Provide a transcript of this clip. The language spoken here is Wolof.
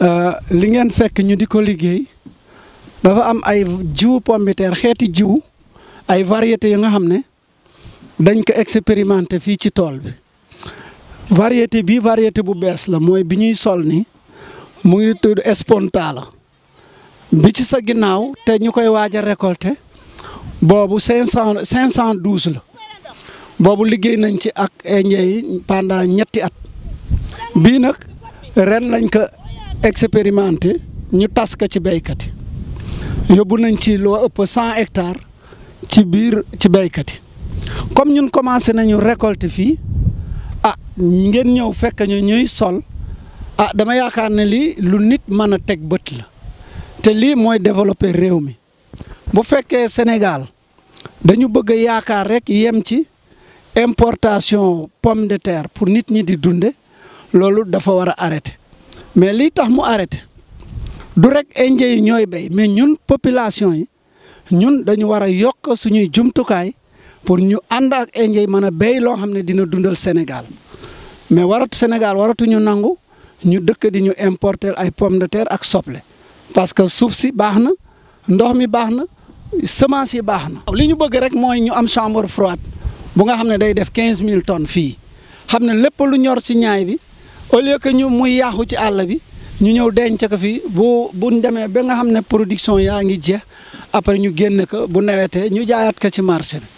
Euh, li ngeen fekk ñu di ko liggéey dafa am ay jiw pombiteer xeeti jiw ay variétés yu nga xam ne dañ ko expérimenté fii ci tool bi variété bii variété bu bees la mooy bi ñuy sol ni mu ngi tudd Esponta la bi ci sa ginnaaw te ñu koy waaja a récolter boobu cinq cent cinq cent douze la boobu liggéey nañ ci ak indien yi pendant ñetti at bii nag ren lañ ko expérimenté ñu tas ko ci béykat yi yóbbu nañ ci loo ëpp cent hectares ci biir ci béykat yi comme ñun commencé nañu récolte fii ah ngeen ñëw fekk ñu ñuy sol ah dama yaakaar ne lii lu nit mën a teg bët la te lii mooy développer réew mi bu fekkee Sénégal dañu bëgg a yaakaar rek yem ci importation pomme de terre pour nit ñi di dunde loolu dafa war a arrêter mais li tax mu arrêté du rek indien ñooy béy mais ñun population yi ñun dañu war a yokk suñuy jumtukaay pour ñu ànd ak indien yi mën a béy loo xam ne dina dundal Sénégal mais waratu Sénégal waratuñu nangu ñu dëkk di ñu importer ay pomme de terre ak soble parce que suuf si baax na ndox mi baax na semence yi baax na. li ñu bëgg rek mooy ñu am chambre froide bu nga xam ne day def quinze mille tonnes fii xam ne lépp lu ñor si ñaay bi. au lieu que ñu muy yaaxu ci àll bi ñu ñëw denc ko fi bu buñ demee ba nga xam ne production yaa ngi jeex après ñu génn ko bu nawetee ñu jaayaat ko ci marché bi